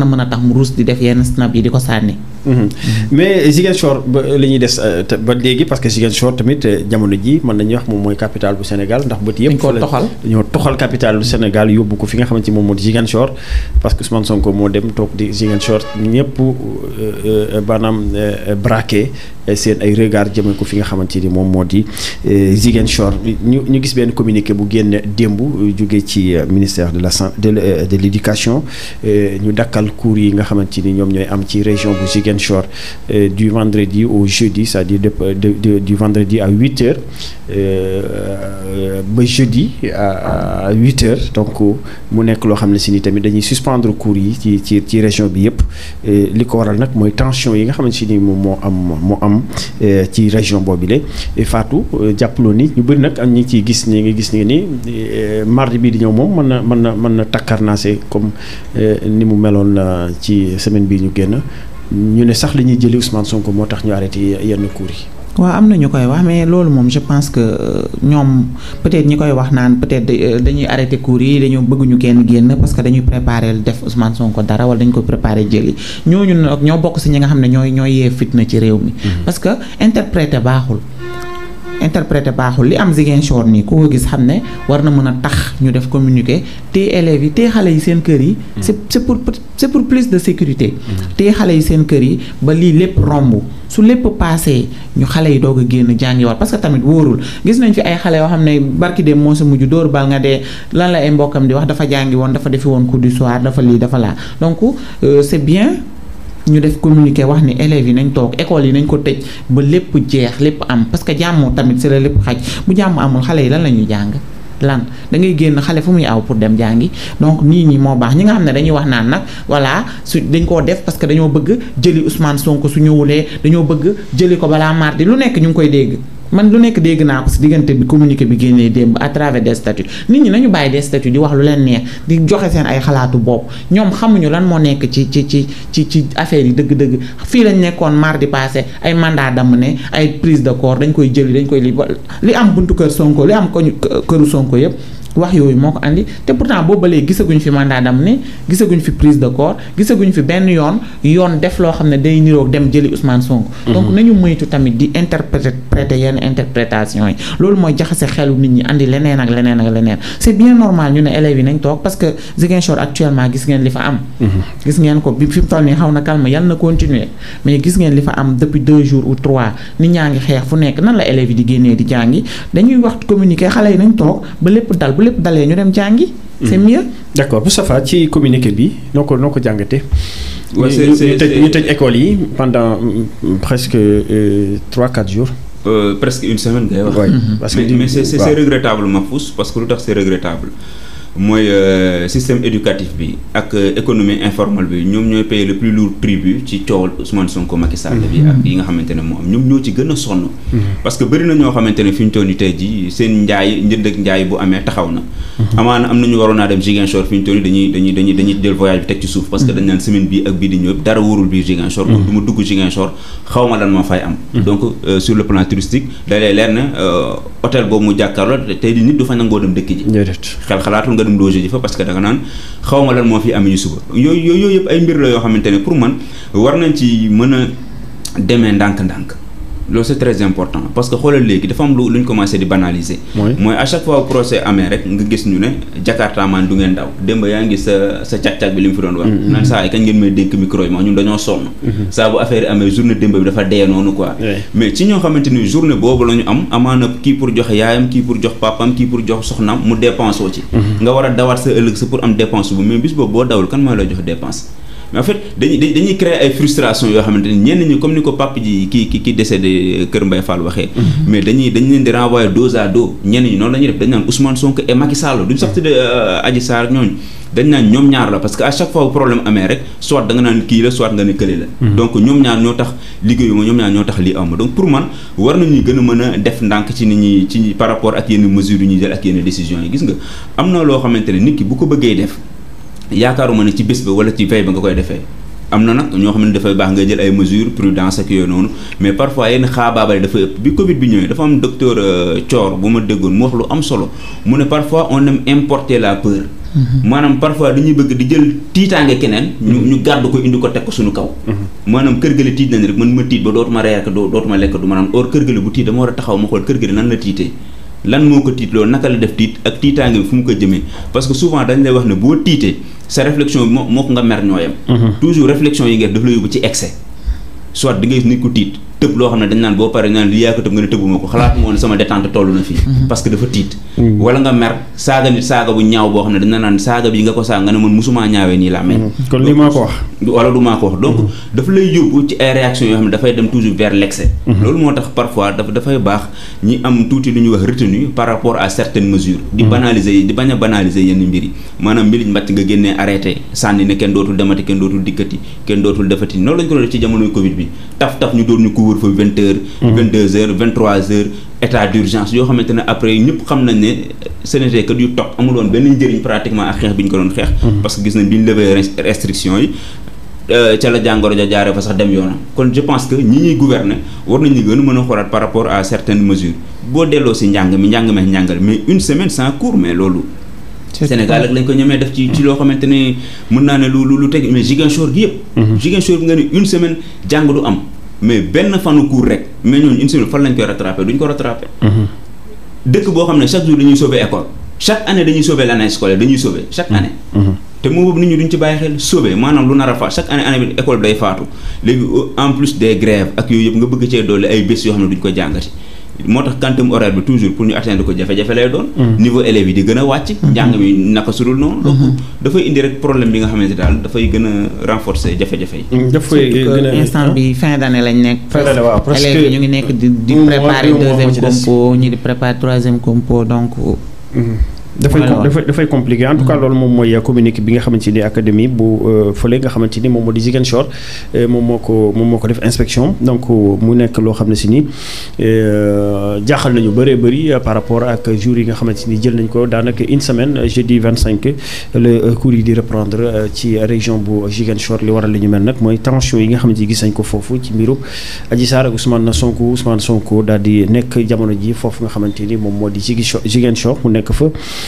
war na mën a tax mu ruus di def yenn snap yi di ko sànni Mhm. mais Ziguinchor ba li ñuy des euh, ba léegi parce que Ziguinchor tamit euh, jamono ji mën nañuy wax moom mooy capital bu Sénégal ndax bët yëpp. ko toxal dañoo toxal capital Sénégal yóbbu ko fi nga xamante ni moom moo di Ziguinchor. parce que Ousmane Sonko moo dem toog di Ziguinchor ñëpp euh, maanaam braqué seen ay regard jëmee ko fi nga xamante ni moom moo di Ziguinchor ñu ñu gis benn communiqué bu génn démb jóge ci ministère de la santé de l' éducation ñu dakkal cours yi nga xamante ni ñoom ñooy am ci région bu Ziguinchor. Ziguinchor euh, du vendredi au jeudi cest di dire de, de, de, du vendredi à huit heures euh, euh, ba jeudi à huit heures donc mu nekk loo xam ne si ni tamit dañuy suspendre cours yi ci ci ci région bi yëpp li ko waral nag mooy tension yi nga xam si ni moom moo am moo am ci région boobile Fatou jàppaloo ni ñu bëri nag am ñi ci gis nii nga gis ni ni mardi bii di ñëw moom mën na mën na mën na takkarnaase comme ni mu meloon ci semaine bi ñu génn ñu ne sax li ñuy jëli Ousmane Sonko moo tax ñu arrêté yenn cours yi. waaw am na ñu koy wax mais loolu moom je pense que euh, ñoom peut-être ñi koy wax naan peut-être euh, dañuy arrêté cours yi dañoo bëgg ñu kenn génn parce que dañuy préparer def Ousmane Sonko dara wala dañu ko préparer jëli ñu nag ñoo bokk si ñi nga xam ne ñooy ñooy yee fitna ci réew mi. Mm-hmm. parce que interpréter baaxul. interprété baaxul li am Ziguinchor nii ku ko gis xam ne war na mën a tax ñu def communiqué téye élèves yi tey xale yi seen kër yi. Mm. c' est pour c' pour plus de sécurité. Mm. téye xale yi seen kër yi ba lii lépp romb su lépp paasee ñu xale yi doog a génn jàngiwaat parce que tamit wóorul gis nañ fi ay xale yoo xam ne barki dem moo sa mujj dóor bal nga dee lan la ay mbokkam di wax dafa jàngi woon dafa defi woon cours du soir dafa lii dafa laa donc euh, c' est bien. ñu def communiqué wax ni élèves yi nañ toog école yi nañ ko tëj ba lépp jeex lépp am parce que jàmm tamit si lépp xaj bu jàmm amul xale yi lan la ñuy jàng lan da ngay génn xale fu muy aw pour dem jàngi donc nii ñi moo baax ñi nga xam ne dañuy wax naan nag voilà su dañ koo def parce que dañoo bëgg jëli usmaan Sonko su ñëwulee dañoo bëgg jëli ko balaa mardi lu nekk ñu ngi koy dégg. man lu nekk dégg naa ko si diggante bi communiqué bi génnee démb à travers des statuts nit ñi nañu bàyyi des statuts di wax lu leen neex di joxe seen ay xalaatu bopp ñoom xamuñu lan moo nekk ci ci ci ci ci affaire yi dëgg-dëgg fii lañ nekkoon mardi passé ay mandat damm ne ay prise de corps dañ koy jëli dañ koy li li am buntu kër Sonko li am koñu këru Sonko yëpp wax yooyu moo ko andi te pourtant boobu ba léegi gisaguñ fi mandat d'amener gisaguñ fi prise de corps gisaguñ fi benn yoon yoon def loo xam ne day niroog dem jëli Ousmane Sonko. Mhm. donc nañu moytu tamit di interpréter yenn interprétation yi loolu mooy jaxase xelu nit ñi andi leneen ak leneen ak leneen c'est bien normal ñu ne élèves yi nañ parce que Ziguinchor actuellement gis ngeen li fa am. Mhm. ko bi fi mu na calme yal na continuer mais gis ngeen li fa am depuis deux jours ou trois nit ñaa ngi xeex fu nekk nan la élèves yi di génnee di jàngi dañuy wax communiquer xale yi nañ toog ba lépp dal lépp dalee ñu dem jàngi. c'est mm. mieux. d'accord Moustapha ci communiqué bi ñoo ko noo ko jàngate waaw c'est ñu tëj école yi pendant mm, presque euh, trois quatre jours. Euh, presque une semaine day wax. Mm-hmm. parce que mais c'est regrettable Mahfouz parce que lu tax c'est regrettable. mooy euh, système éducatif bi ak euh, économie informelle bi ñoom ñooy payer le plus lourd tribut ci coowal Ousmane Sonko Macky bi mhm. ak yi nga xamante moo am ñoom ñoo ci gën a sonn mhm. parce bëri na ñoo xamante ne ñu toll tey na mhm. amaana am nañu waroon naa dañuy dañuy dañuy voyage bi teg ci suuf parce que semaine bii ak bii ñëw dara wóorul bii Ziguinchor kon du dugg Ziguinchor xaw lan moo fay am donc euh, sur le plan touristique da leer ne hôtel boobu mu jàkkaarloo tey di nit du fa nangoo dem dëkk mbirum logé fa parce que da naan xaw ma lan moo fi amee suba yooyu yooyu yëpp ay mbir la yoo xamante ne pour man war nañ ci mën a demee ndànk-ndànk loolu c'est très important parce que xoolal léegi dafa am lu lu ñu commencé di banaliser. mooy à chaque fois procès amee rek nga gis ñu ne Jakarta man du ngeen daw démb yaa ngi sa sa càq-càq bi li mu fi doon wax. Mm-hmm. naan saa yi kañ ngeen may dénk micro yi moom ñun dañoo sonn. Mm-hmm. saa bu affaire amee journée démb bi dafa dee noonu quoi. mais ci ñoo xamante ni journée boobu la am amaana kii pour jox yaayam kii pour jox papam kii pour jox soxnaam mu dépensoo mm-hmm. a dawaat sa ëllëg sa pour am dépense bu mais mais en fait dañuy dañuy créer ay frustration yoo xamante ni ñenn ñi comme ni ko papa ji ki ki ki décédé euh, Kër Mbaye Fall waxee. Mm-hmm. mais dañuy dañ leen di renvoyer dos à dos ñenn ñi noonu la ñuy def dañ naan Ousmane Sonko et Macky Sall duñ sax tuddee euh, Adji Sarr ñooñu. dañ naan ñoom ñaar la parce que à chaque fois problème amee rek soit da nga naan kii la soit nga ne kële la mm-hmm. donc ñoom ñaar ñoo tax liggéeyu ma ñoom ñaar ñoo tax lii am donc pour man war nañuy gën a mën a def ndànk ci nit ñi ci par rapport ak yenn mesures yu ñuy jël ak yenn décisions yi gis nga am na loo xamante ne nit ki bu ko bëggee def yaakaaruma ne ci bés ba wala ci veille ba nga koy defee am na nag ñoo xam ne dafay baax nga jël ay mesures prudence ak yooyu noonu mais parfois yenn xaabaabale dafa ëpp bi Covid bi ñëwee dafa am docteur euh, Thior bu ma déggoon mu wax lu am solo mu ne parfois on aime importer la peur. Mm-hmm. maanaam parfois dañuy bëgg di jël tiitaange keneen. ñu mm-hmm. ñu gàddu ko indi ko teg ko suñu kaw. Mm-hmm. maanaam kër gële tiit nañ rek man ma tiit ba dootuma reer ak dootuma lekk du ma naan war a taxaw ma xool kër gële nan la tiitee. lan moo ko tiit naka la def tiit ak tiitaange bi fu mu ko jëmee parce que souvent dañ lay wax ne boo tiitee sa réflexion moo ko nga mer ñooyam mhm. toujours réflexion yi nga def la yóbbu ci excès soit da nit ku tiit tëb loo xam ne dañ naan boo paree naan li yaa nga ne tëbuma ko xalaat moo sama détente toll na fii mhm. parce que dafa tiit mhm. wala nga mer saaga nit saaga bu ñaaw boo xam ne dañ naan saaga bi nga ko saaga nga ne man musumaa ñaawee nii laa mel mhm. kon li maa ko wax wala du maa ko wax donc dafa lay yóbbu ci ay réaction yoo xam ne dafay dem toujours vers l'excès loolu moo tax parfois daf dafay baax ñi am tuuti lu ñuy wax retenu par rapport a banaliser yenn couvre-feu vingt heures mhm. vingt trois heures état d'urgence yoo xamante ne après ñëpp xam nañ ne ce n'était que du topp benn njëriñ pratiquement ak xeex bi ñu ko doon xeex mhm. parce que gis nañ bi ñu restriction yi euh, ca la jàngoro jaaree fa sax dem yoonam kon je pense que ñi ñuy gouverner war nañu gën a mën a xoolaat par rapport à certaines mesures boo delloo si njàng mi njàng mais une semaine sans cours mais loolu Sénégal ak lañ ko ñemee def ci ci mais benn fanu cours rek mais ñooñu une semaine fan lañ koy rattrapé duñ ko rattrapé. Mhm. dëkk boo xam ne chaque jour dañuy sauver école chaque année dañuy sauver l'année scolaire dañuy sauver chaque année. Mhm. Mhm. te moo boobu nit ñi duñ ci bàyyi xel sauver maanaam lu nar a faat chaque année année bi école bi day faatu léegi en plus des grèves ak yooyu yëpp nga bëgg cee dolli ay bés yoo xam ne duñ ko jàngati. moo tax quantum horaire bi toujours pour ñu atteindre ko jafe-jafe lay doon. Mm. niveau élèves yi di gën a wàcc. Mm-hmm. njàng mi naka sudul noonu. Mm-hmm. donc dafay indi rek problème bi nga xamante daal dafay gën a renforcer jafe-jafe yi. Mm, dafay gën instant bi fin d' année lañ nekk. fin d' waaw parce yi ñu ngi nekk di di préparer deuxième compo ñu di préparer troisième compo donc. Mm-hmm. dafay dafay dafay compliqué en tout cas mm-hmm. loolu moom mooy communiqué bi nga xamante ni académie bu euh, fële nga xamante ni moom moo di Ziguinchor euh, moom moo ko moom moo ko def inspection donc euh, mu nekk loo xam ne si ni jaaxal nañu bëree bëri par rapport ak jour yi nga xamante ni jël nañ ko daanaka une semaine jeudi 25 le ci région bu Ziguinchor li waral li ñu mel nag mooy tension yi nga xamante ni gis nañ ko foofu ci mbiru Adji Sarr ak Ousmane Sonko Ousmane Sonko daal di nekk jamono ji foofu nga xamante ni moom moo di Ziguinchor mu nekk fa.